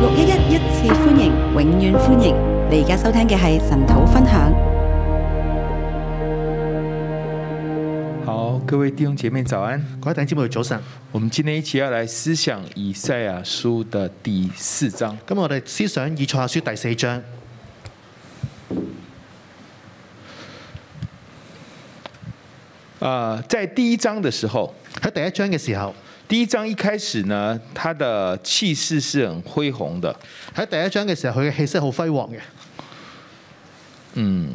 六一一一次歡迎，永遠歡迎！你而家收聽嘅係神土分享。好，各位弟兄姐妹早安，歡迎彈進我嘅早晨。我們今天一起要來思想以賽亞書的第四章。咁我哋思想以賽亞書第四章。啊，uh, 在第一章嘅時候，喺第一章嘅時候。第一章一開始呢，他的氣勢是很恢宏的。喺第一章嘅時候，佢嘅氣勢好輝煌嘅。嗯。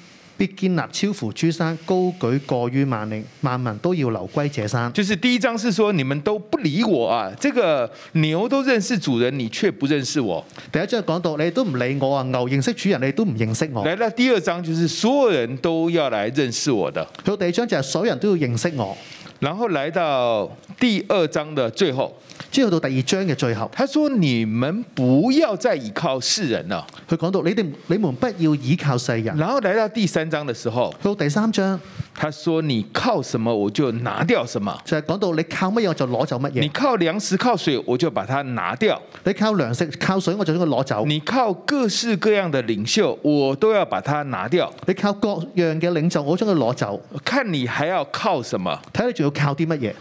必建立超乎諸山，高舉過於萬嶺，萬民都要流歸這山。就是第一章是說你們都不理我啊，這個牛都認識主人，你卻不認識我。第一章講到你都唔理我啊，牛認識主人，你都唔認識我。第二章就是所有人都要來認識我的。佢第二章就係所有人都要認識我。然後來到第二章的最後，最後到第二章的最後，說他說你：“你們不要再倚靠世人了。”佢講到：“你哋你們不要倚靠世人。”然後來到第三章的時候，到第三章，他說：“你靠什麼，我就拿掉什麼。”就係講到你靠乜嘢我就攞走乜嘢。你靠糧食靠水，我就把它拿掉；你靠糧食靠水，我就將佢攞走。你靠各式各樣的領袖，我都要把它拿掉；你靠各樣嘅領袖，我將佢攞走。看你還要靠什麼？睇你仲有靠啲乜嘢？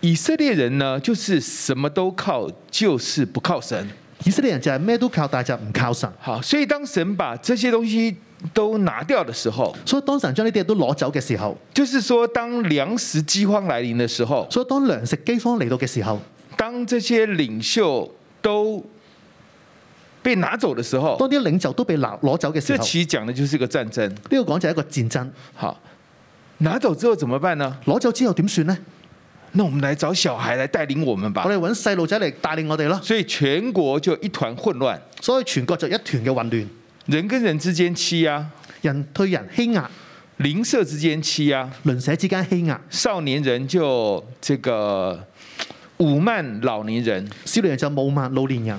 以色列人呢，就是什麼都靠，就是不靠神。以色列人就係咩都靠大，但係就唔靠神。好，所以當神把這些東西都拿掉嘅時候，所以當神將呢啲嘢都攞走嘅時候，就是說當糧食飢荒來臨嘅時候，所以當糧食飢荒嚟到嘅時候，當這些領袖都被拿走嘅時候，當啲領袖都被拿攞走嘅時候，這其實講嘅就是一個戰爭。呢個講就係一個戰爭。好。拿走之後怎麼辦呢？攞走之後點算呢？那我們來找小孩來帶領我們吧。我哋揾細路仔嚟帶領我哋咯。所以全國就一團混亂。所以全國就一團嘅混亂。人跟人之間欺啊，人推人欺壓，鄰舍之間欺啊，鄰舍之間欺壓。少年人就這個侮慢老年人，少年人就侮慢老年人。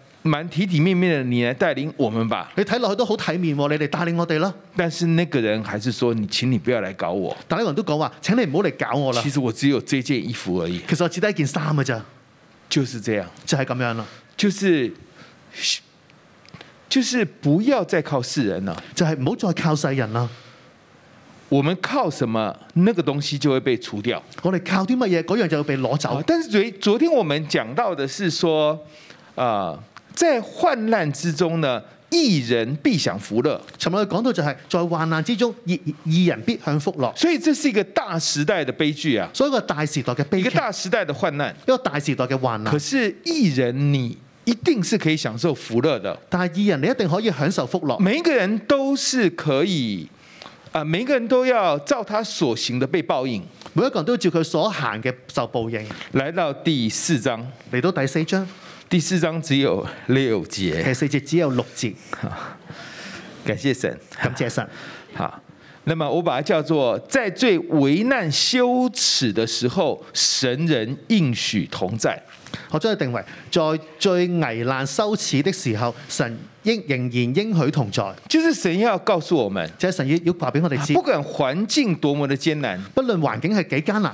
蠻體體面面的，你來帶領我們吧。你睇落去都好體面，你嚟帶領我哋咯。但是那個人還是說：你請你不要來搞我。但係人都講話，請你唔好嚟搞我啦。其實我只有這件衣服而已。其實我只帶一件衫噶啫。就是這樣，就係咁樣啦。就是，就是不要再靠世人啦。就係唔好再靠世人啦。我們靠什麼？那個東西就會被除掉。我哋靠啲乜嘢？嗰樣就會被攞走。但是昨昨天我們講到的是說，啊、呃。在患難之中呢，義人必享福樂。尋日講到就係、是，在患難之中，義義人必享福樂。所以這是一個大時代的悲劇啊！所以一個大時代嘅悲劇，一個大時代嘅患難，一個大時代嘅患難。患難可是，義人你一定是可以享受福樂的，但係義人，你一定可以享受福樂。每一個人都是可以，啊、呃，每一個人都要照他所行的被報應。每一個人都要照佢所行嘅受報應。來到第四章，嚟到第四章。第四章只有六節，第四節只有六節。哈，感謝神，感謝神。好，那麼我把它叫做在最危難羞恥的時候，神人應許同在。我將佢定為，在最危難羞恥的時候，神仍仍然應許同在。就是神要告訴我們，即係神要要話俾我哋知，不管環境多麼的艱難，不論環境係幾艱難。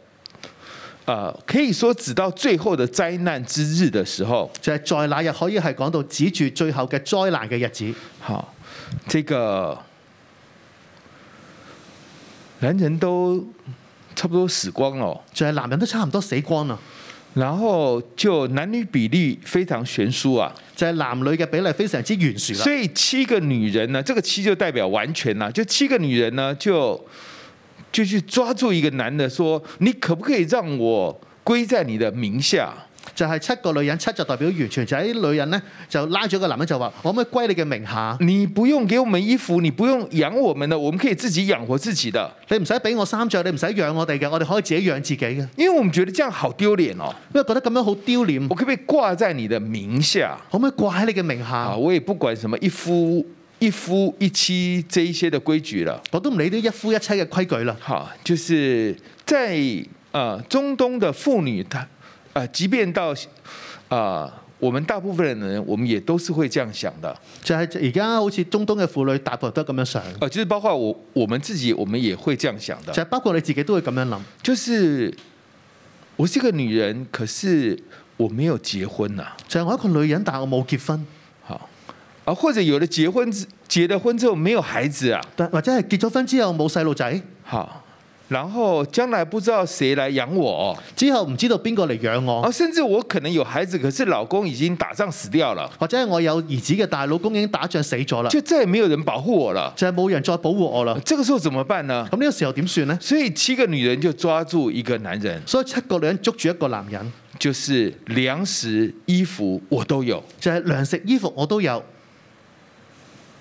可以說直到最後的災難之日的時候，就係在那日可以係講到指住最後嘅災難嘅日子。好，這個男人都差不多死光咯，就係男人都差唔多死光啦。然後就男女比例非常懸殊啊，就係男女嘅比例非常之懸殊。所以七個女人呢，這個七就代表完全啦，就七個女人呢就。就去抓住一個男的，說：你可不可以讓我歸在你的名下？就係七個女人，七就代表完全，就係啲女人咧，就拉住個男人就話：可唔可以歸你嘅名下？你不用給我們衣服，你不用養我們啦，我們可以自己養活自己嘅。你唔使俾我衫着，你唔使養我哋嘅，我哋可以自己養自己嘅。因為我們覺得這樣好丟臉哦，因為覺得咁樣好丟臉。我可唔可以掛在你的名下？可唔可以掛喺你嘅名下？我也不管什麼一夫。一夫一妻這一些的規矩啦，我都唔理啲一夫一妻嘅規矩啦。好，就是在啊、呃，中東的婦女，她、呃、啊，即便到啊、呃，我們大部分的人，我們也都是會這樣想的。就係而家好似中東嘅婦女，大部都咁樣想。啊、呃，就是包括我，我們自己，我們也會這樣想的。就係包括你自己都會咁樣諗。就是我是一個女人，可是我沒有結婚啊。就係我一個女人，但我冇結婚。啊，或者有的結婚之結咗婚之後沒有孩子啊，或者係結咗婚之後冇細路仔，好，然後將來不知道誰來養我，之後唔知道邊個嚟養我，啊，甚至我可能有孩子，可是老公已經打仗死掉了，或者係我有兒子嘅，但係老公已經打仗死咗啦，就再也沒有人保護我啦，就係冇人再保護我了，啊，這個時候怎麼辦呢？咁呢個時候點算呢？所以七個女人就抓住一個男人，所以七個女人捉住一個男人，就是糧食衣服我都有，就係糧食衣服我都有。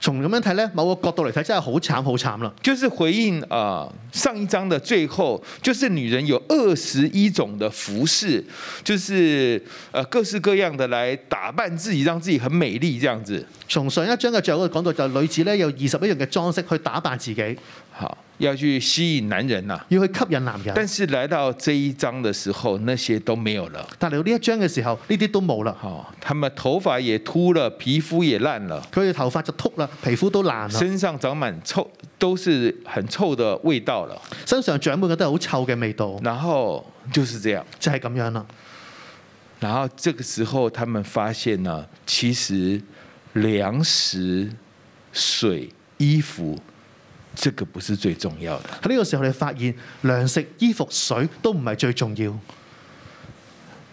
從咁樣睇呢，某個角度嚟睇真係好慘好慘啦！就是回應啊，上一章嘅最後，就是女人有二十一種嘅服飾，就是各式各樣的來打扮自己，讓自己很美麗。這樣子，從上一章嘅最後講到就女子呢，有二十一樣嘅裝飾去打扮自己。要去吸引男人吶，要去吸引男人。男人但是來到這一章的時候，那些都沒有了。但來到這一章的時候，呢，啲都冇啦。哈，他們頭髮也禿了，皮膚也爛了。佢嘅頭髮就禿啦，皮膚都爛啦。身上長滿臭，都是很臭的味道了。身上長滿嗰啲好臭嘅味道了。然後就是這樣，就係咁樣啦。然後這個時候，他們發現呢，其實糧食、水、衣服。這個不是最重要的。喺呢個時候，你發現糧食、衣服、水都唔係最重要。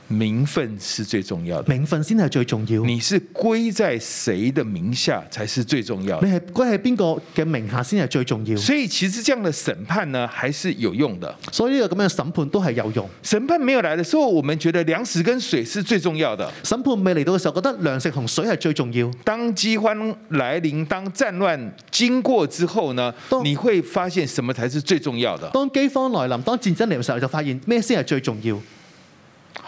名分是最重要的，名分先係最重要。你是歸在誰的名下才是最重要的？你係歸喺邊個嘅名下先係最重要？所以其實這樣的審判呢，還是有用的。所以咁樣嘅審判都係有用。審判沒有來的時候，我們覺得糧食跟水是最重要的。審判未嚟到嘅時候，覺得糧食同水係最重要的。當饑荒來臨，當戰亂經過之後呢，當你會發現什麼才是最重要的？當饑荒來臨，當戰爭嚟嘅時候，就發現咩先係最重要的？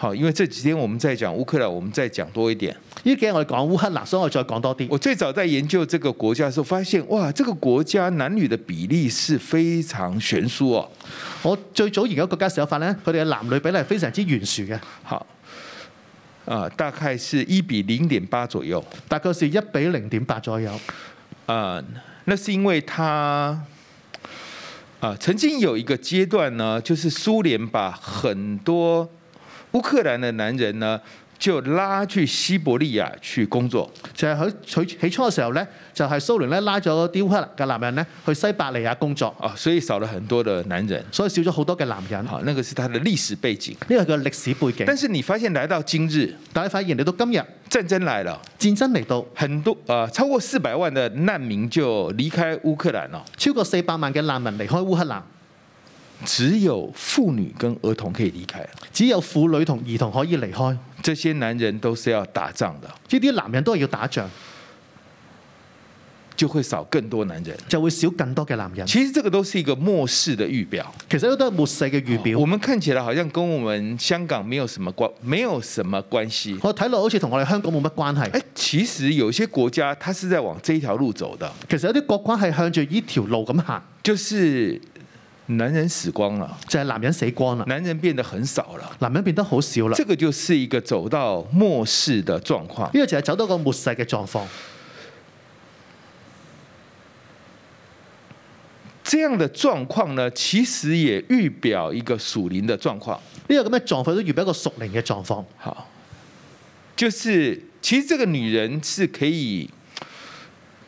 好，因為這幾天我們在講烏克蘭，我們再講多一點。因為今日我哋講烏克蘭，所以我再講多啲。我最早在研究這個國家的時候，發現哇，這個國家男女的比例是非常懸殊哦。我最早研究國家手法呢，佢哋嘅男女比例係非常之懸殊嘅。好，啊，大概是一比零點八左右，大概是一比零點八左右。啊，那是因為他曾經有一個階段呢，就是蘇聯把很多。烏克蘭的男人呢就拉去西伯利亞去工作，就係喺佢起初嘅時候咧，就係、是、蘇聯咧拉咗啲烏克蘭嘅男人咧去西伯利亞工作。哦，所以少咗很多嘅男人，所以少咗好多嘅男人。啊、哦，那個是他的歷史背景。呢、嗯、個嘅歷史背景。但是你發現嚟到今日，大家發現嚟到今日，戰爭來了，戰爭嚟到，很多啊、呃、超過四百萬嘅難民就離開烏克蘭咯，超過四百萬嘅難民離開烏克蘭，只有婦女跟兒童可以離開。只有婦女同兒童可以離開，這些男人都是要打仗的。呢啲男人都係要打仗，就會少更多男人，就會少更多嘅男人。其實這個都是一個末世的預表，其實都係末世嘅預表、哦。我們看起來好像跟我們香港沒有什麼關，我跟我們沒有什麼關係。我睇落好似同我哋香港冇乜關係。其實有些國家，它是在往這條路走的。其實有啲國關係向著呢條路咁行，就是。男人死光啦，就係男人死光啦，男人變得很少啦，男人變得好少啦，這個就是一個走到末世的狀況，呢個就係走到個末世嘅狀況。這樣的狀況呢，其實也預表一個屬靈的狀況。呢個咁嘅狀況都預表一個屬靈嘅狀況。好，就是其實這個女人是可以。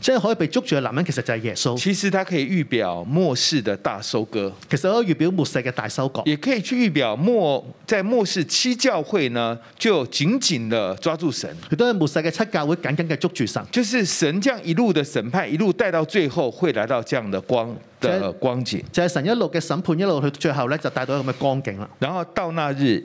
即係可以被捉住嘅男人，其實就係耶穌。其實它可以預表末世嘅大收割，其實可以預表末世嘅大收割，也可以去預表末在末世七教會呢，就緊緊的抓住神。佢都係末世嘅七教會，緊緊嘅捉住上，就是神這樣一路嘅審判，一路帶到最後，會來到這樣的光的光景。就係神一路嘅審判，一路去最後咧，就帶到咁嘅光景啦。然後到那日。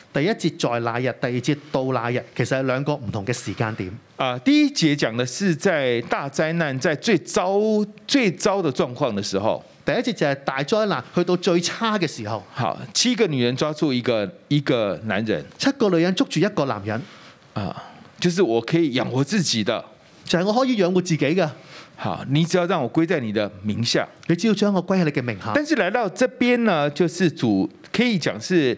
第一節在那日，第二節到那日，其實係兩個唔同嘅時間點。啊，第一節講嘅係在大災難、在最糟、最糟的狀況嘅時候。第一節就係大災難去到最差嘅時候。好，七個女人抓住一個一個男人，七個女人捉住一個男人。啊，就是我可以養活自己的，就係我可以養活自己嘅。好，你只要讓我歸在你的名下，你只要將我歸喺你嘅名下。但是來到這邊呢，就是主可以講是。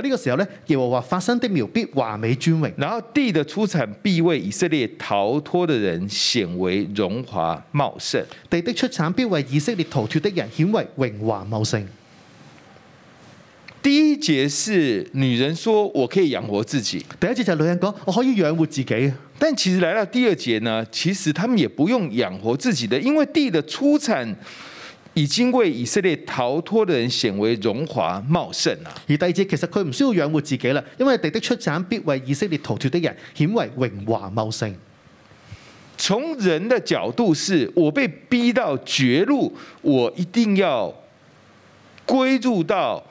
喺呢個時候咧，耶和華發生的苗必華美尊榮，然後地的，的地的出產必為以色列逃脱的人顯為榮華茂盛。地的出產必為以色列逃脱的人顯為榮華茂盛。第一節是女人說我可以養活自己，第一節就女人講我可以養活自己，但其實來到第二節呢，其實他們也不用養活自己的，因為地的出產。已經為以色列逃脫的人顯為榮華茂盛啊！而第二其實佢唔需要養活自己啦，因為地的出產必為以色列逃脫的人顯為榮華茂盛。從人的角度是，我被逼到絕路，我一定要歸入到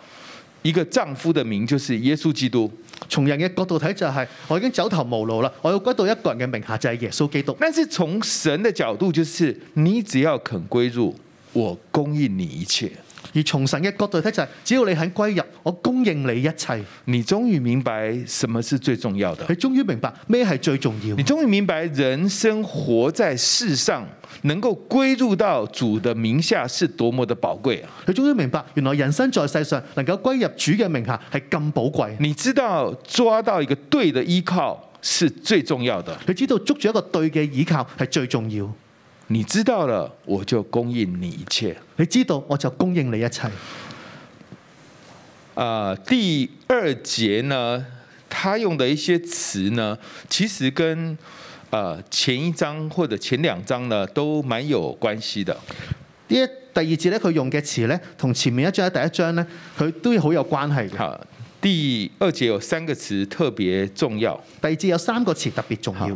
一個丈夫的名，就是耶穌基督。從人嘅角度睇就係，我已經走投無路啦，我要歸到一個人嘅名下就係耶穌基督。但是從神的角度就是，你只要肯歸入。我供應你一切，而從神嘅角度睇就係，只要你肯歸入，我供應你一切。你終於明白什麼是最重要的。你終於明白咩係最重要。你終於明白人生活在世上，能夠歸入到主的名下，是多麼的寶貴啊！你終於明白，原來人生在世上能夠歸入主嘅名下，係咁寶貴。你知道抓到一個對的依靠是最重要的。你知道捉住一個對嘅依靠係最重要的。你知道了，我就供應你一切。你知道，我就供應你一切。啊、呃，第二節呢，他用的一些詞呢，其實跟、呃、前一章或者前兩章呢，都蠻有關係的。第一，第二節咧，佢用嘅詞呢，同前面一章、第一章呢，佢都好有關係嘅。好，第二節有三個詞特別重要。第二節有三個詞特別重要。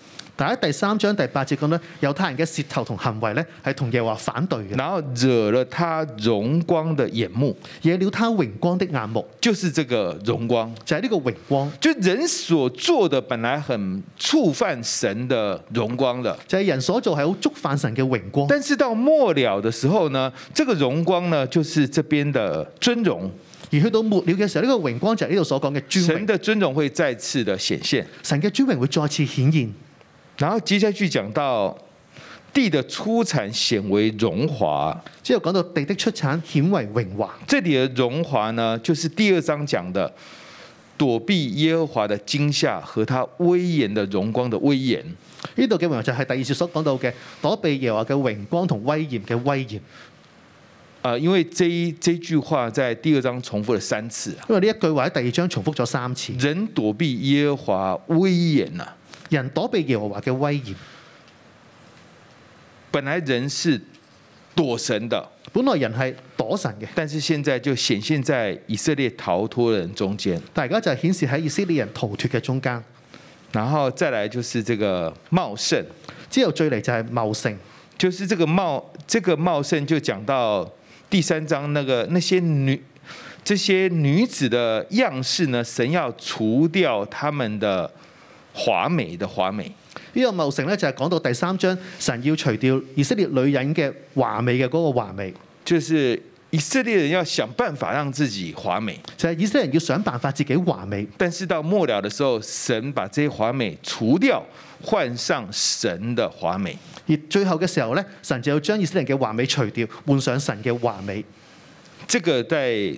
在第三章第八節講咧，猶太人嘅舌頭同行為咧係同耶和華反對嘅，然後惹了他榮光的眼目，惹了他榮光的眼目，就是這個榮光，就係呢個榮光，就人所做的本來很觸犯神的榮光的，就係人所做係好觸犯神嘅榮光。但是到末了嘅時候呢，這個榮光呢，就是這邊的尊榮。而去到末了嘅時候，呢、這個榮光就喺呢度所講嘅尊榮，神嘅尊榮會再次的顯現，神嘅尊榮會再次顯現。然後接下去講到地的出產顯為榮華，之後講到地的出產顯為榮華。這裏的榮華呢，就是第二章講的躲避耶和華的驚吓和他威嚴的榮光的威嚴。呢度嘅榮華就係第二節所講到嘅躲避耶和華嘅榮光同威嚴嘅威嚴。啊，因為這這句話在第二章重複了三次，因為呢一句話喺第二章重複咗三次。人躲避耶和華威嚴啊？人躲避耶和華嘅威嚴，本來人是躲神的，本來人係躲神嘅，但是現在就顯現在以色列逃脱人中間。大家就顯示喺以色列人逃脱嘅中間，然後再來就是這個茂盛，之後追嚟就係茂盛，就是這個茂，這個茂盛就講到第三章那個那些女，這些女子的樣式呢？神要除掉他們的。華美嘅華美，呢個謀成咧就係講到第三章，神要除掉以色列女人嘅華美嘅嗰個華美。就是以色列人要想辦法讓自己華美，就係以色列人要想辦法自己華美。但是到末了嘅時候，神把這些華美除掉，換上神嘅華美。而最後嘅時候咧，神就要將以色列嘅華美除掉，換上神嘅華美。這個在。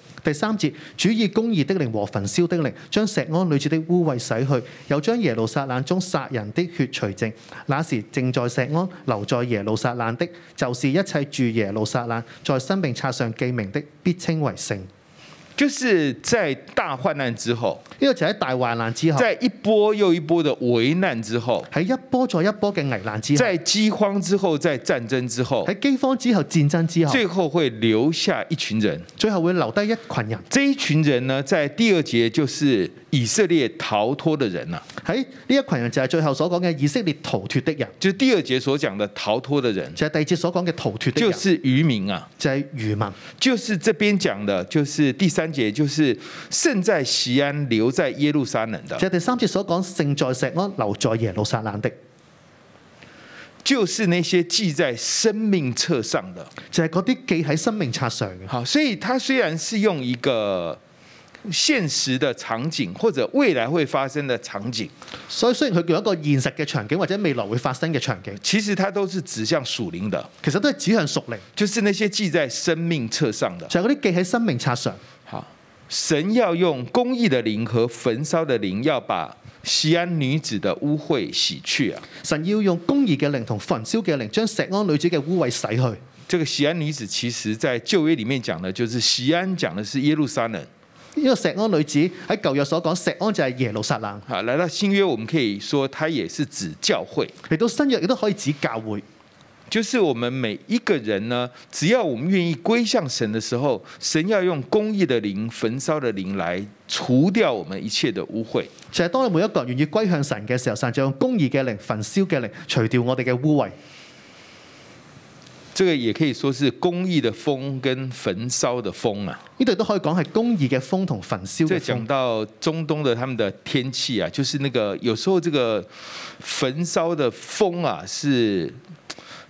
第三節，主以公義的靈和焚燒的靈，將石安女子的污穢洗去，又將耶路撒冷中殺人的血除淨。那時，正在石安留在耶路撒冷的，就是一切住耶路撒冷在生命冊上記名的，必稱為聖。就是在大患難之後，因為就喺大患難之後，在一波又一波的危難之後，喺一波再一波嘅危難之後，在饑荒之後，在戰爭之後，喺饑荒之後、戰爭之後，最後會留下一群人，最後會留低一群人。這一群人呢，在第二節就是以色列逃脱的人啦。喺呢一群人就係最後所講嘅以色列逃脱的人，就第二節所講嘅逃脱的人，就係第二節所講嘅逃脱，就是漁民啊，在漁民，就是這邊講的，就是第三。也就是剩在錫安留在耶路撒冷的，即第三節所講剩在錫安留在耶路撒冷的，就是那些記在生命冊上的，就係嗰啲記喺生命冊上。好，所以佢雖然是用一個現實的場景或者未來會發生的場景，所以雖然佢用一個現實嘅場景或者未來會發生嘅場景，其實佢都係指向屬靈的，其實都係指向屬靈，就是那些記在生命冊上的，就係嗰啲記喺生命冊上。神要用公義的靈和焚燒的靈，要把錫安女子的污穢洗去啊！神要用公義嘅靈同焚燒嘅靈，將錫安女子嘅污穢洗去。這個錫安女子，其實在舊約裏面講呢，就是錫安講的是耶路撒冷。因為錫安女子喺舊約所講，錫安就係耶路撒冷啊。來到新約，我們可以說，她也是指教會。嚟到新約，亦都可以指教會。就是我們每一個人呢，只要我們願意歸向神的時候，神要用公義的靈、焚燒的靈來除掉我們一切的污穢。其實當你每一個人願意歸向神嘅時候，神就用公義嘅靈、焚燒嘅靈除掉我哋嘅污穢。這個也可以說是公義的風跟焚燒的風啊。呢度都可以講係公義嘅風同焚燒。即係講到中東的他們的天氣啊，就是那個有時候這個焚燒的風啊是。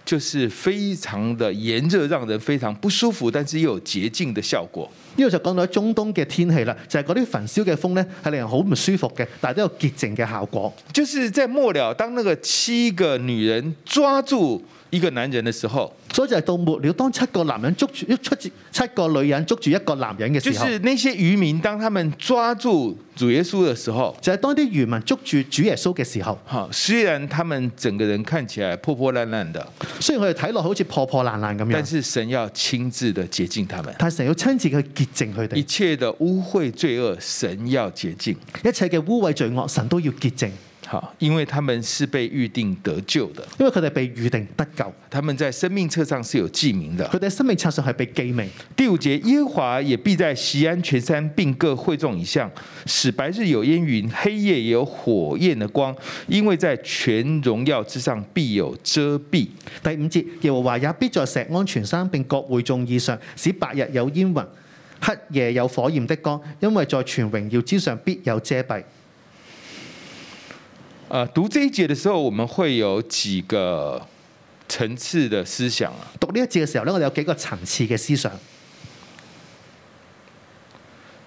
就是非常的炎熱，讓人非常不舒服，但是又有潔淨的效果。呢度就講到中東嘅天氣啦，就係嗰啲焚燒嘅風咧，係令人好唔舒服嘅，但係都有潔淨嘅效果。就是在末了，當，那個七個女人抓住。一個男人的時候，所以就係到末了，當七個男人捉住一出七個女人捉住一個男人嘅時候，就是那些漁民當他們抓住主耶穌嘅時候，就係當啲漁民捉住主耶穌嘅時候，哈，雖然他們整個人看起來破破爛爛的，雖然佢哋睇落好似破破爛爛咁樣，但是神要親自的潔淨他們，但神要親自去潔淨佢哋，一切嘅污穢罪惡，神要潔淨，一切嘅污穢罪惡，神都要潔淨。因為他們是被預定得救的，因為佢哋被預定得救，他們在生命冊上是有記名的，佢哋生命冊上係被記名。第五節，耶和華也必在錫安全山並各會眾以，以上，使白日有煙雲，黑夜有火焰的光，因為在全榮耀之上必有遮蔽。第五節，耶和華也必在錫安全山並各會眾以上，使白日有煙雲，黑夜有火焰的光，因為在全榮耀之上必有遮蔽。啊，讀這一節的時候，我們會有幾個層次的思想啊。讀呢一節嘅時候咧，我哋有幾個層次嘅思想。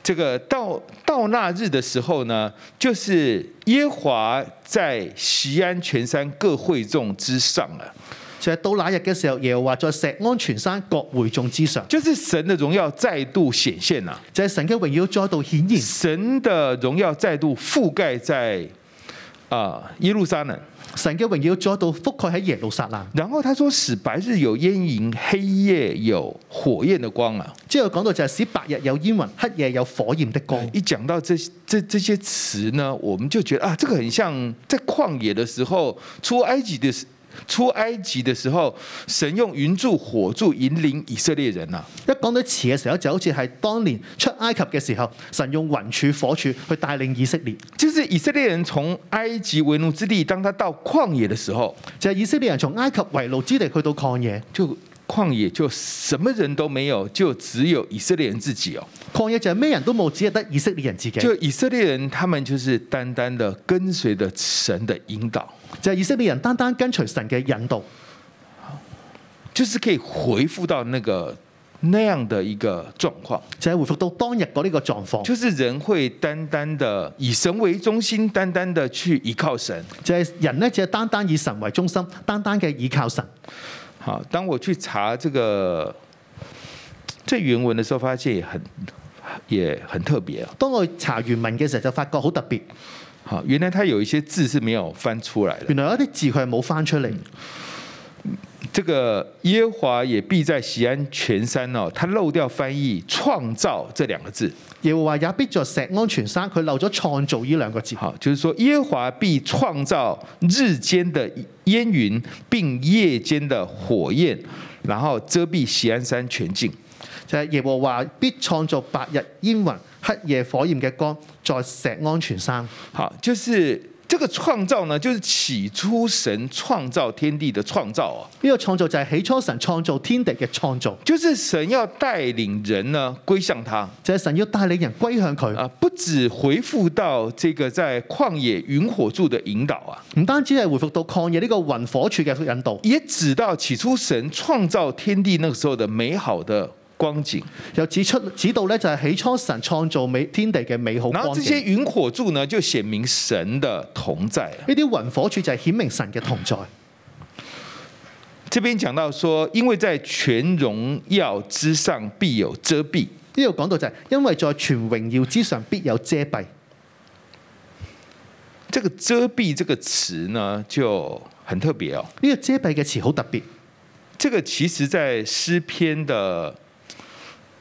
這個到到那日嘅時候呢，就是耶和華在錫安全山各會眾之上啊。就係到那日嘅時候，耶和華在錫安全山各會眾之上，就是神的榮耀再度顯現啦。就係神嘅榮耀再度顯現。神的榮耀再度覆蓋在。啊、uh, 耶路撒冷，神嘅榮耀抓到覆蓋喺耶路撒冷。然後他說使白日有煙雲，黑夜有火焰的光啊。最後講到就是使白日有煙雲，黑夜有火焰的光。Uh, 一講到這這這些詞呢，我們就覺得啊，這個很像在曠野的時候出埃及的出埃及的時候，神用雲柱火柱引領以色列人啊！一講到詞嘅時候，就好似係當年出埃及嘅時候，神用雲柱火柱去帶領以色列。就是以色列人從埃及為奴之地，當他到曠野嘅時候，就係以色列人從埃及為奴之地去到曠野。就曠野就什麼人都沒有，就只有以色列人自己哦。曠野就係咩人都冇，只係得以色列人自己。就以色列人，他們就是單單的跟隨着神的引導，就係以色列人單單跟隨神嘅引導，就是可以回復到那個那樣的一個狀況，就係回復到當日嗰呢個狀況。就是人會單單的以神為中心，單單的去依靠神。就係人呢，就係單單以神為中心，單單嘅依靠神。好，當我去查這個最原文的時候，發現也很也很特別啊。當我查原文嘅時候，就發覺好特別。原來他有一些字是沒有翻出來。原來有啲字佢係冇翻出嚟。嗯這個耶和華也必在錫安全山哦，他漏掉翻譯創造這兩個字。耶和華也必在錫安全山，佢漏咗創造呢兩個字。好，就是說耶和華必創造日間的煙雲，並夜間的火焰，然後遮蔽錫安全山全境。就係耶和華必創造白日煙雲、黑夜火焰嘅光，在錫安全山。好，就是。這個創造呢，就是起初神創造天地的創造啊。呢個創造就係起初神創造天地嘅創造，就是神要帶領人呢歸向他，就是神要帶領人歸向佢啊。不止回復到這個在曠野雲火柱的引導啊，唔單止係回復到曠野呢個雲火柱嘅引導，也指到起初神創造天地那個時候的美好的。光景又指出指導咧，就係、是、起初神創造美天地嘅美好光。然後呢啲雲火柱呢，就顯明神的同在。呢啲雲火柱就係顯明神嘅同在。這邊講到說，因為在全榮耀之上必有遮蔽。呢度講到就係因為在全榮耀之上必有遮蔽。這個遮蔽這個詞呢，就很特別哦。呢個遮蔽嘅詞好特別。這個其實在詩篇的。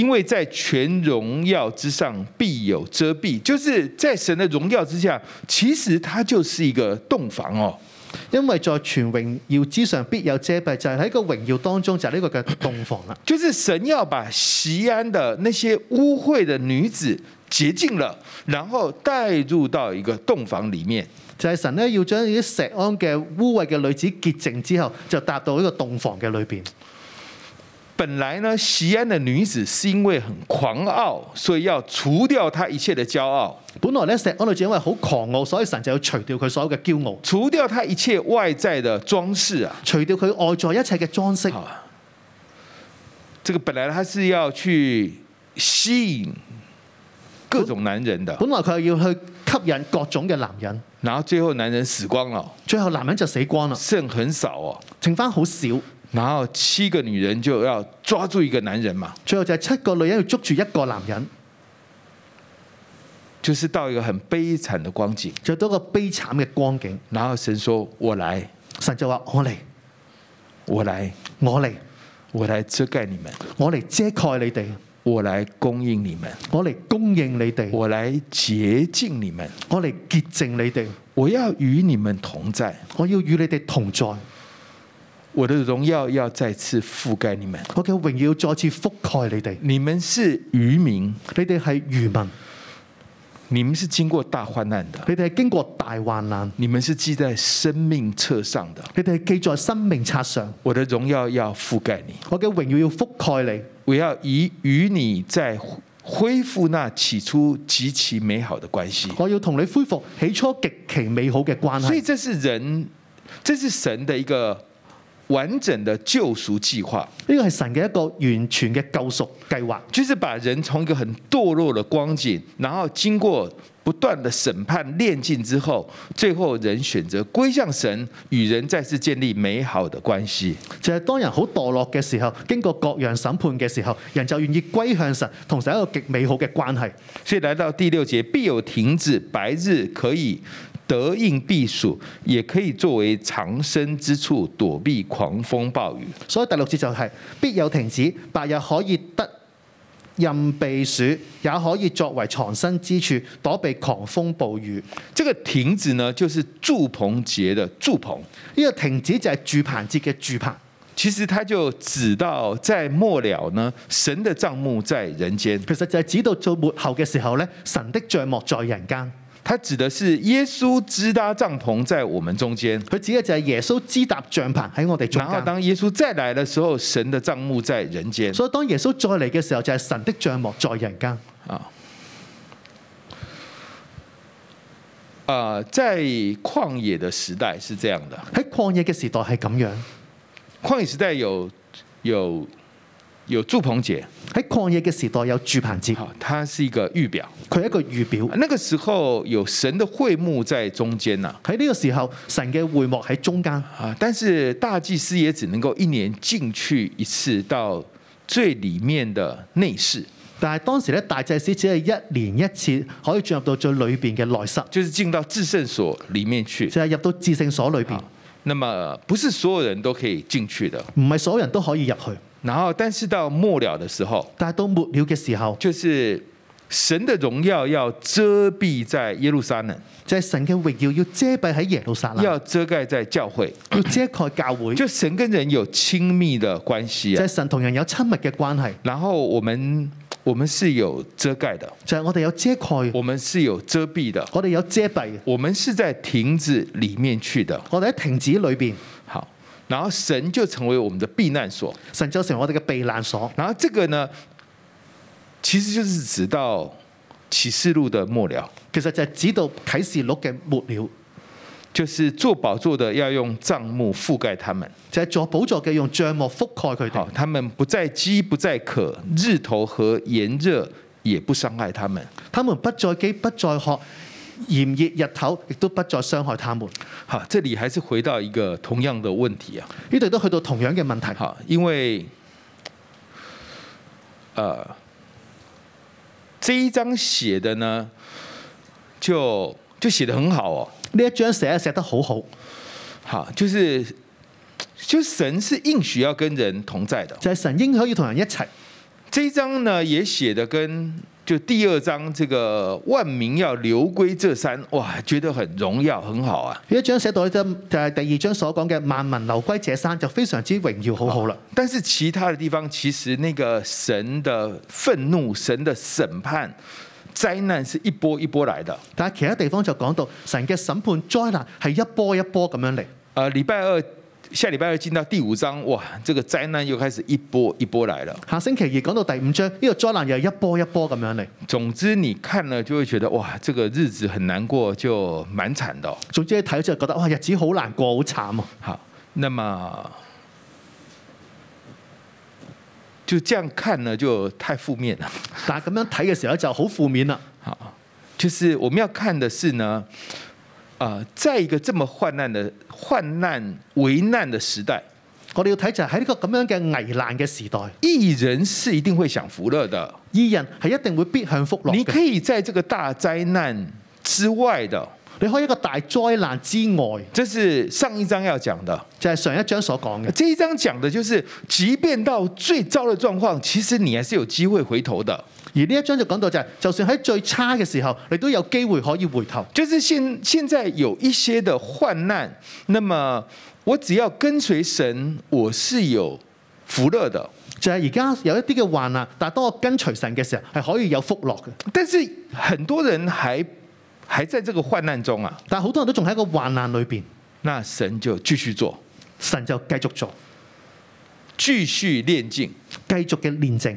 因為在全榮耀之上必有遮蔽，就是在神的榮耀之下，其實它就是一個洞房哦。因為在全榮耀之上必有遮蔽，就係、是、喺個榮耀當中，就係呢個嘅洞房啦、啊。就是神要把錫安的那些污穢的女子潔淨了，然後帶入到一個洞房裏面。就係神咧，要將呢個錫安嘅污穢嘅女子潔淨之後，就達到一個洞房嘅裏邊。本來呢，錫安的女子是因為很狂傲，所以要除掉她一切的驕傲。本來呢，錫安女子因為好狂傲，所以神就要除掉佢所有嘅驕傲，除掉她一切外在的裝飾啊，除掉佢外在一切嘅裝飾。這個本來呢，他是要去吸引各種男人的。本，本來佢係要去吸引各種嘅男人，然後最後男人死光了，最後男人就死光了，剩很少哦、啊，剩翻好少。然後七個女人就要抓住一個男人嘛，最後就係七個女人要捉住一個男人，就是到一個很悲慘的光景。就到個悲慘嘅光景。然後神說我嚟，神就話我嚟，我嚟，我嚟，我嚟遮蓋你們，我嚟遮蓋你哋，我嚟供應你們，我嚟供應你哋，我嚟潔淨你們，我嚟潔淨你哋，我要與你們同在，我要與你哋同在。我的榮耀要再次覆蓋你們。我嘅榮耀再次覆蓋你哋。你們是漁民，你哋係漁民。你們是經過大患難的，你哋係經過大患難。你們是記在生命冊上的，你哋係記在生命冊上。我的榮耀要覆蓋你，我嘅榮耀要覆蓋你。我要以與你再恢復那起初極其美好的關係。我要同你恢復起初極其美好嘅關係。所以這是人，這是神的一個。完整的救贖計劃，呢個係神嘅一個完全嘅救贖計劃，就是把人從一個很墮落嘅光景，然後經過不斷的審判煉盡之後，最後人選擇歸向神，與人再次建立美好的關係。就係當人好墮落嘅時候，經過各樣審判嘅時候，人就願意歸向神，同時有一個極美好嘅關係。所以來到第六節，必有停止，白日可以得蔭避暑，也可以作為藏身之處，躲避狂風暴雨。所以第六節就係、是、必有亭子，白日可以得蔭避暑，也可以作為藏身之處，躲避狂風暴雨。這個亭子呢，就是住棚節的住棚，呢個亭子就係住棚節嘅住棚」。其實他就指到在末了呢，神的帳幕在人間。其實就係指到做末後嘅時候咧，神的帳幕在人間。他指的是耶穌支搭帳篷在我們中間，佢指嘅就係耶穌支搭帳篷喺我哋中間。然後當耶穌再來的時候，神的帳幕在人間。所以當耶穌再嚟嘅時候，就係、是、神的帳幕在人間啊。啊、呃，在曠野的時代是這樣的。喺曠野嘅時代係咁樣的，曠野時代有有。有住棚節喺曠野嘅時代有住棚節，佢是一個預表，佢一個預表。那個時候有神的會幕在中間啦，喺呢個時候神嘅會幕喺中間啊。但是大祭司也只能夠一年進去一次到最裏面的內室。但係當時咧，大祭司只係一年一次可以進入到最裏邊嘅內室，就是進到至聖所裏面去，就係入到至聖所裏邊啊。那麼不是所有人都可以進去的，唔係所有人都可以入去。然後，但是到末了的時候，大家都末了嘅時候，就是神的榮耀要遮蔽在耶路撒冷，即係神嘅榮耀要遮蔽喺耶路撒冷，要遮蓋在教會，要遮蓋教會，就神跟人有親密的關係，即係神同人有親密嘅關係。然後我們我們是有遮蓋的，就係我哋有遮蓋，我們是有遮蔽的，我哋有遮蔽，我們，有遮蔽，我們是在亭子裏面去的，我哋喺亭子裏邊。好。然後神就成為我們的避難所，神就成為我哋嘅避難所。然後這個呢，其實就是指到啟示錄的末了。其實就是指到啟示錄嘅末了，就是，坐坐就是做寶座的要用帳幕覆蓋他們，就係做寶座嘅用帳幕覆蓋佢哋。好，他們不再饑，不再渴，日頭和炎熱也不傷害他們。他們不再饑，不再渴。炎熱日頭亦都不再傷害他們。哈，這裏還是回到一個同樣的問題啊。呢度都去到同樣嘅問題。哈，因為，誒、呃，這一章寫的呢，就就寫得很好哦。呢一章寫寫得好好。好，就是，就是、神是應許要跟人同在的，就係神應該要同人一齊。這一章呢，也寫得跟。就第二章這個萬民要流歸這山，哇，覺得很榮耀，很好啊。一章寫到一就就係第二章所講嘅萬民流歸這山，就非常之榮耀，哦、好好啦。但是其他的地方，其實那個神的憤怒、神的審判、災難是一波一波來的。但係其他地方就講到神嘅審判、災難係一波一波咁樣嚟。呃，禮拜二。下禮拜二進到第五章，哇！這個災難又開始一波一波來了。下星期二講到第五章，呢個災難又係一波一波咁樣嚟。總之你看了就會覺得哇，這個日子很難過，就蠻慘的。總之一睇咗之後覺得哇，日子好難過，好慘啊！好，那麼就這樣看呢，就太負面了。但係咁樣睇嘅時候就好負面啦。好，就是我們要看的是呢。啊！Uh, 在一個這麼患難的患難危難的時代，我哋要睇就喺呢個咁樣嘅危難嘅時代，義人是一定會享福樂的，義人係一定會必幸福。你可以喺這個大災難之外的，你可以一個大災難之外，這是上一章要講的。就係上一章所講嘅，這一章講的就是即便到最糟的狀況，其實你還是有機會回頭的。而呢一章就講到就係，就算喺最差嘅時候，你都有機會可以回頭。就是現現在有一些嘅患難，那麼我只要跟隨神，我是有福樂的。就係而家有一啲嘅患難，但係當我跟隨神嘅時候，係可以有福樂嘅。但是很多人還還在這個患難中啊，但係好多人都仲喺個患難裏邊。那神就繼續做，神就繼續做，繼續煉淨，繼續嘅煉淨。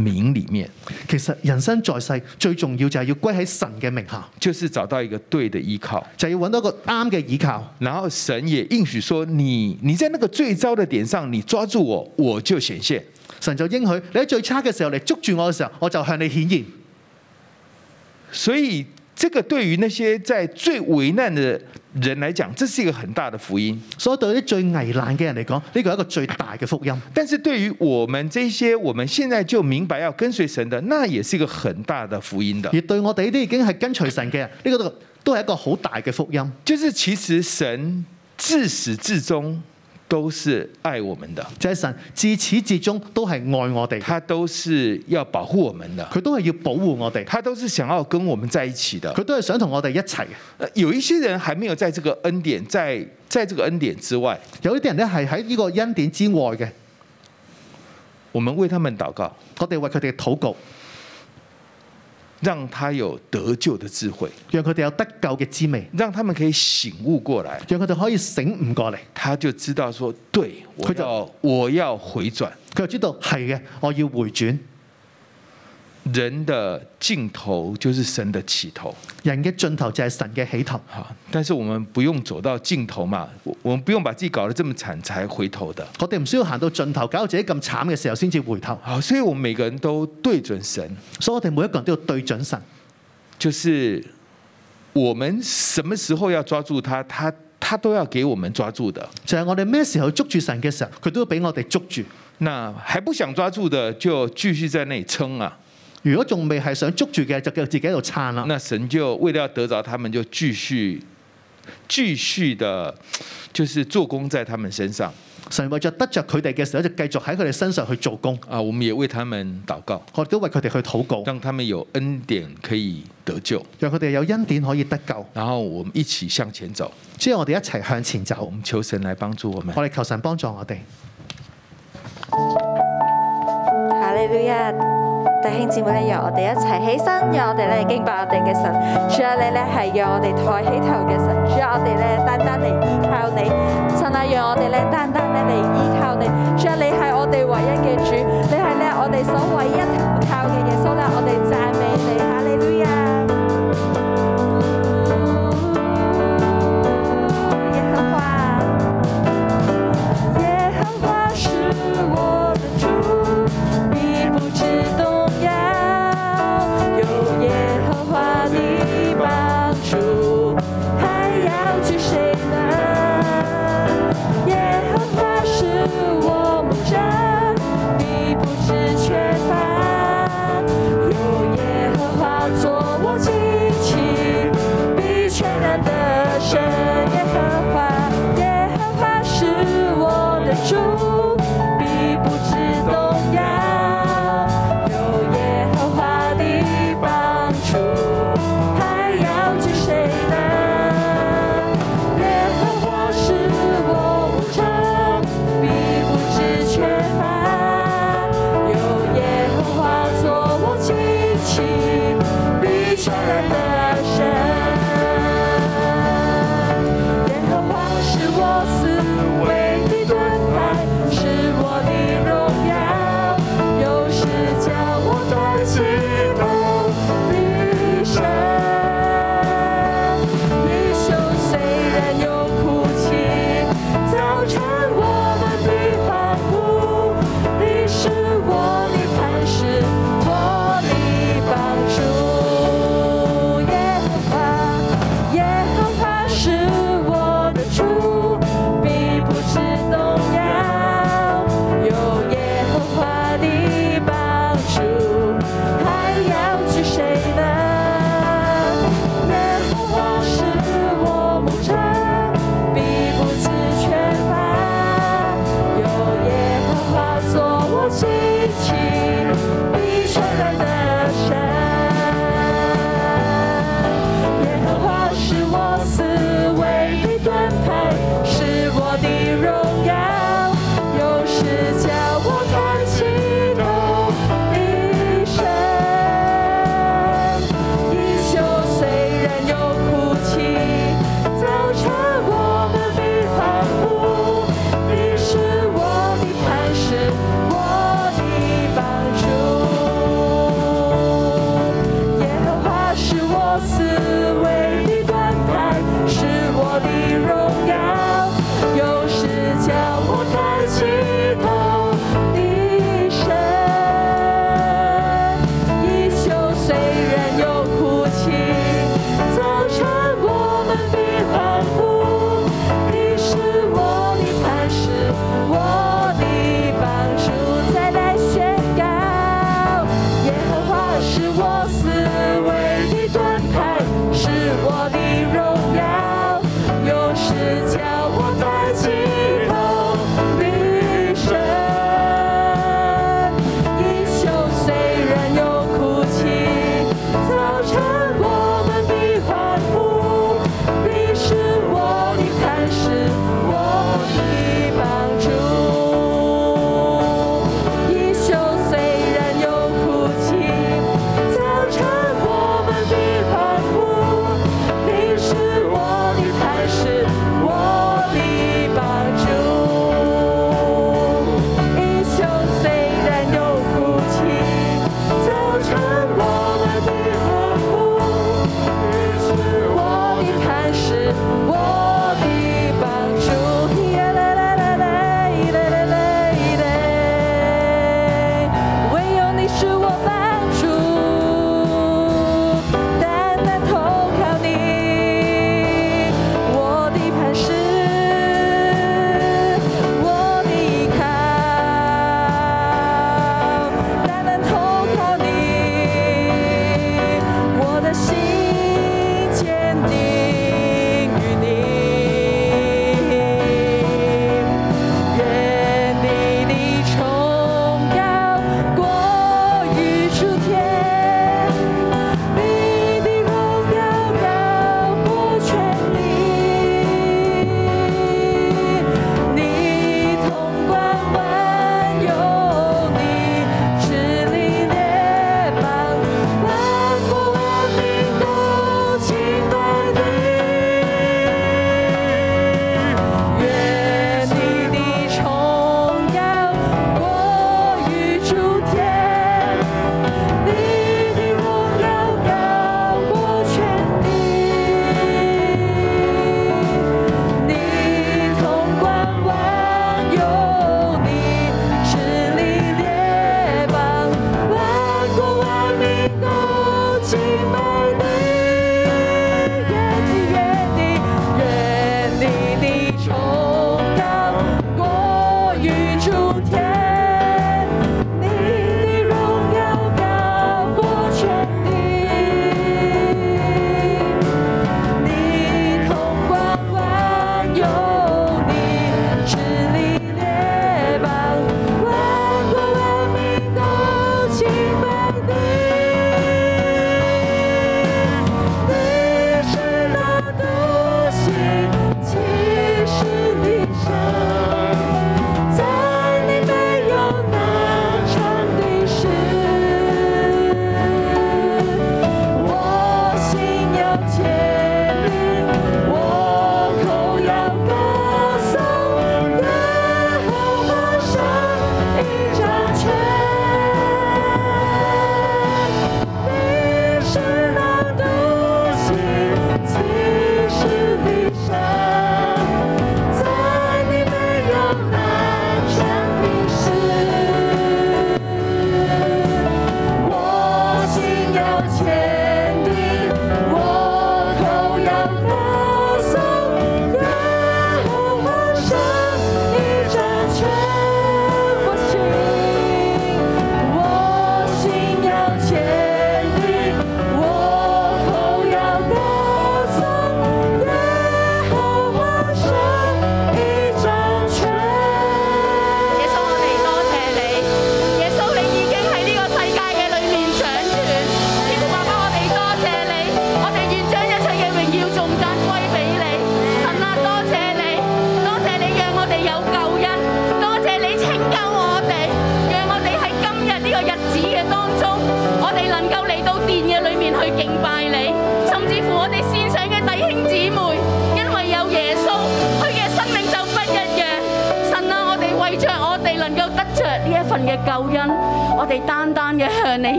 名裏面，其實人生在世最重要就係要歸喺神嘅名下，就是找到一個對嘅依靠，就要揾到一個啱嘅依靠。然後神也應許說你，你你在那個最糟的點上，你抓住我，我就顯現。神就應許，你喺最差嘅時候，你捉住我嘅時候，我就向你顯現。所以。這個對於那些在最危難的人來講，這是一個很大的福音。所以對於最危難嘅人嚟講，呢、這個是一個最大嘅福音。但是對於我們這些我們現在就明白要跟隨神的，那也是一個很大的福音的。而對我哋呢啲已經係跟隨神嘅人，呢、這個都都係一個好大嘅福音。就是其實神自始至終。都是愛我們的，Jason 自始至終都係愛我哋，他都是要保護我們的，佢都係要保護我哋，他都是想要跟我們在一起的，佢都係想同我哋一齊。有一些人還沒有在這個恩典，在在這個恩典之外，有一啲人咧係喺呢個恩典之外嘅，我們為他們禱告，我哋為佢哋禱告。讓他有得救的智慧，讓佢哋有得救嘅智慧，讓他們可以醒悟過來，讓佢哋可以醒悟過來，他就知道說對，佢就我要回轉，佢就知道係嘅，我要回轉。人的盡頭就是神的起頭，人嘅盡頭就係神嘅起頭。但是我們不用走到盡頭嘛，我我們不用把自己搞得這麼慘才回頭的。我哋唔需要行到盡頭，搞到自己咁慘嘅時候先至回頭。所以我們每個人都對準神，所以我哋每一個人都要對準神，就是我們什麼時候要抓住他，他他都要給我們抓住的。就係我哋咩時候捉住神嘅時候，佢都要俾我哋捉住。那還不想抓住的，就繼續在那裡撐啊！如果仲未係想捉住嘅，就繼續自己喺度撐啦。那神就為了要得着他們，就繼續繼續的，就是做工在他們身上。神為著得著佢哋嘅時候，就繼續喺佢哋身上去做工。啊，我們也為他們禱告，我都為佢哋去禱告，讓他們有恩典可以得救，讓佢哋有恩典可以得救。然後我們一起向前走，之後我哋一齊向前走，求神來幫助我們。我哋求神幫助我哋。哈利路亞。弟兄姊妹咧，讓我哋一齊起身，讓我哋咧敬拜我哋嘅神。主啊，你咧係讓我哋抬起頭嘅神。主啊，我哋咧單單嚟依靠你，神啊，讓我哋咧單單咧嚟依靠你，主啊，你係我哋唯一嘅主，你係咧我哋所唯一靠嘅耶穌啦，我哋讚。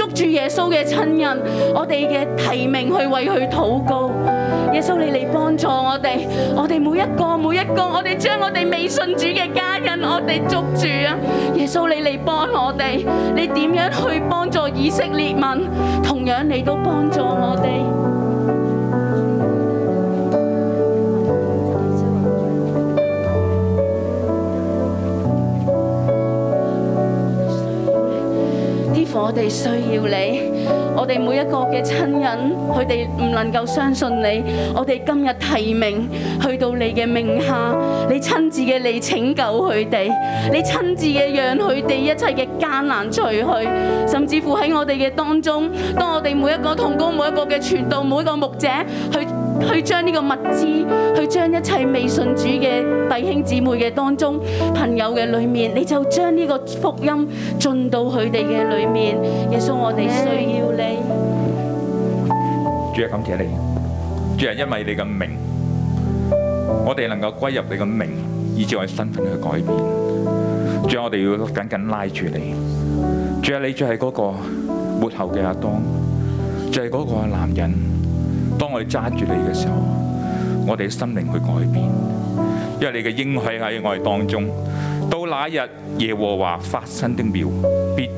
捉住耶穌嘅親人，我哋嘅提名去為佢禱告。耶穌你嚟幫助我哋，我哋每一個每一個我哋將我哋未信主嘅家人，我哋捉住啊！耶穌你嚟幫我哋，你點樣去幫助以色列民？同樣你都幫。我哋需要你，我哋每一個嘅親人，佢哋唔能夠相信你，我哋今日提名去到你嘅名下，你親自嘅嚟拯救佢哋，你親自嘅讓佢哋一切嘅艱難除去，甚至乎喺我哋嘅當中，當我哋每一個同工，每一個嘅傳道，每個牧者去。去將呢個物資，去將一切未信主嘅弟兄姊妹嘅當中，朋友嘅裏面，你就將呢個福音進到佢哋嘅裏面。耶穌，我哋需要你。主啊，感謝你，主啊，因為你嘅名，我哋能夠歸入你嘅名，以致我哋身份去改變。主啊，我哋要緊緊拉住你。主啊，你就係嗰個末後嘅阿當，就係嗰個男人。當我哋揸住你嘅時候，我哋嘅心靈去改變，因為你嘅應許喺我哋當中。到那日，耶和華發生的苗必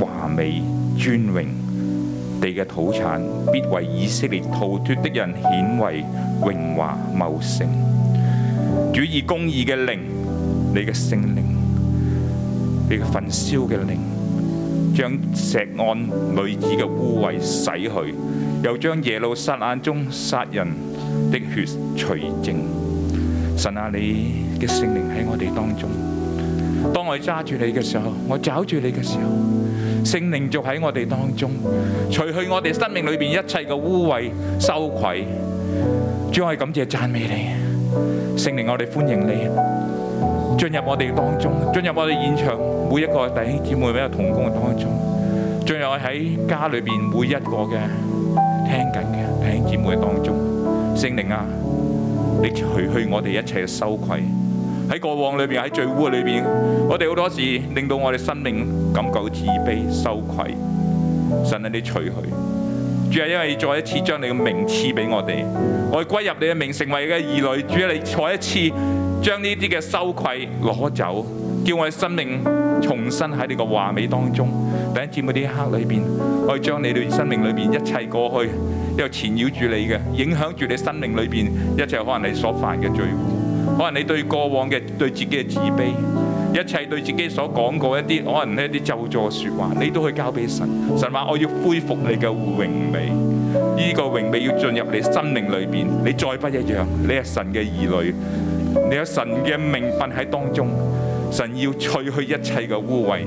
華美尊榮，地嘅土產必為以色列逃脱的人顯為榮華茂盛。主以公義嘅靈，你嘅聖靈，你嘅焚燒嘅靈，將錫安女子嘅污穢洗去。又將耶路撒冷中殺人的血除淨。神啊，你嘅聖靈喺我哋當中。當我揸住你嘅時候，我找住你嘅時候，聖靈就喺我哋當中，除去我哋生命裏邊一切嘅污穢、羞愧。將我感謝讚美你，聖靈，我哋歡迎你進入我哋當中，進入我哋現場每一個弟兄姊妹，每一個同工嘅當中，進入我喺家裏邊每一個嘅。聽緊嘅弟兄姊妹當中，聖靈啊，你除去我哋一切嘅羞愧，喺過往裏邊，喺聚會裏邊，我哋好多時令到我哋生命感覺自卑、羞愧，神啊，你除去。主啊，因為再一次將你嘅名賜俾我哋，我哋歸入你嘅名，成為你嘅兒女。主啊，你再一次將呢啲嘅羞愧攞走。叫我嘅生命重新喺你個華美當中，第一占呢一刻裏邊，我將你對生命裏邊一切過去又纏繞住你嘅，影響住你生命裏邊一切可能你所犯嘅罪，可能你對過往嘅對自己嘅自卑，一切對自己所講過一啲可能呢啲咒詛說話，你都可以交俾神。神話我要恢復你嘅榮美，呢、這個榮美要進入你生命裏邊，你再不一樣，你係神嘅兒女，你有神嘅名分喺當中。神要除去一切嘅污穢，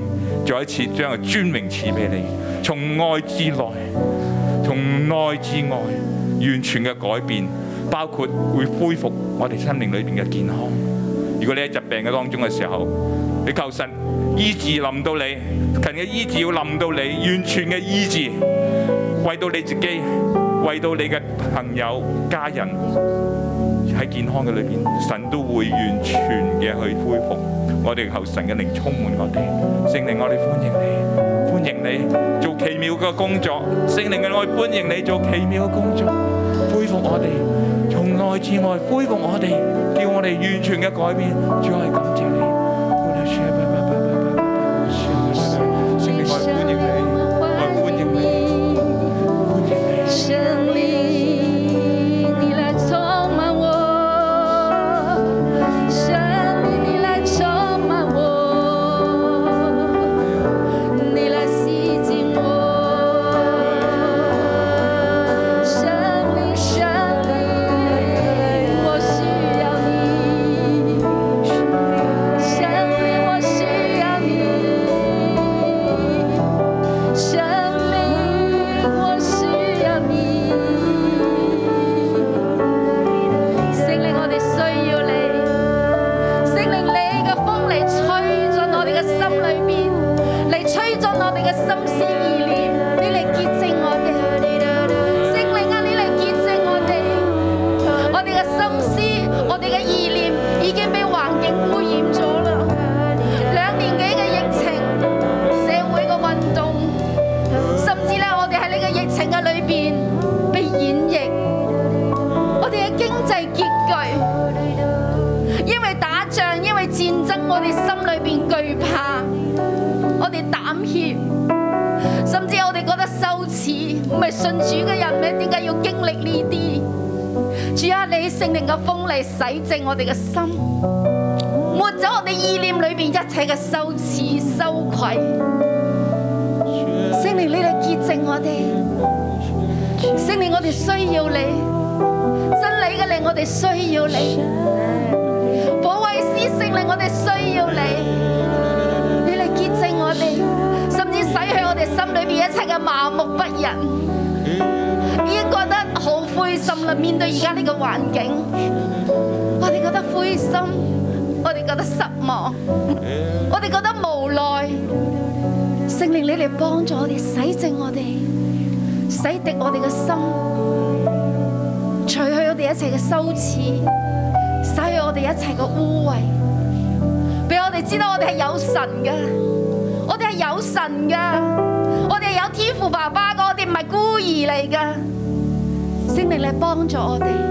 再一次將尊名賜俾你，從愛之內，從愛之外完全嘅改變，包括會恢復我哋心靈裏邊嘅健康。如果你喺疾病嘅當中嘅時候，你求神醫治臨到你，神嘅醫治要臨到你，完全嘅醫治，為到你自己，為到你嘅朋友、家人喺健康嘅裏邊，神都會完全嘅去恢復。我哋求神一定充滿我哋，聖靈我哋歡迎你，歡迎你做奇妙嘅工作，聖靈嘅我哋歡迎你做奇妙嘅工作，恢復我哋，從內至外恢復我哋，叫我哋完全嘅改變，主我感謝你。心，我哋覺得失望，我哋覺得無奈。聖靈你嚟幫助我哋，洗淨我哋，洗滌我哋嘅心，除去我哋一切嘅羞恥，洗去我哋一切嘅污穢，俾我哋知道我哋係有神噶，我哋係有神噶，我哋係有天父爸爸，我哋唔係孤兒嚟噶。聖靈嚟幫助我哋，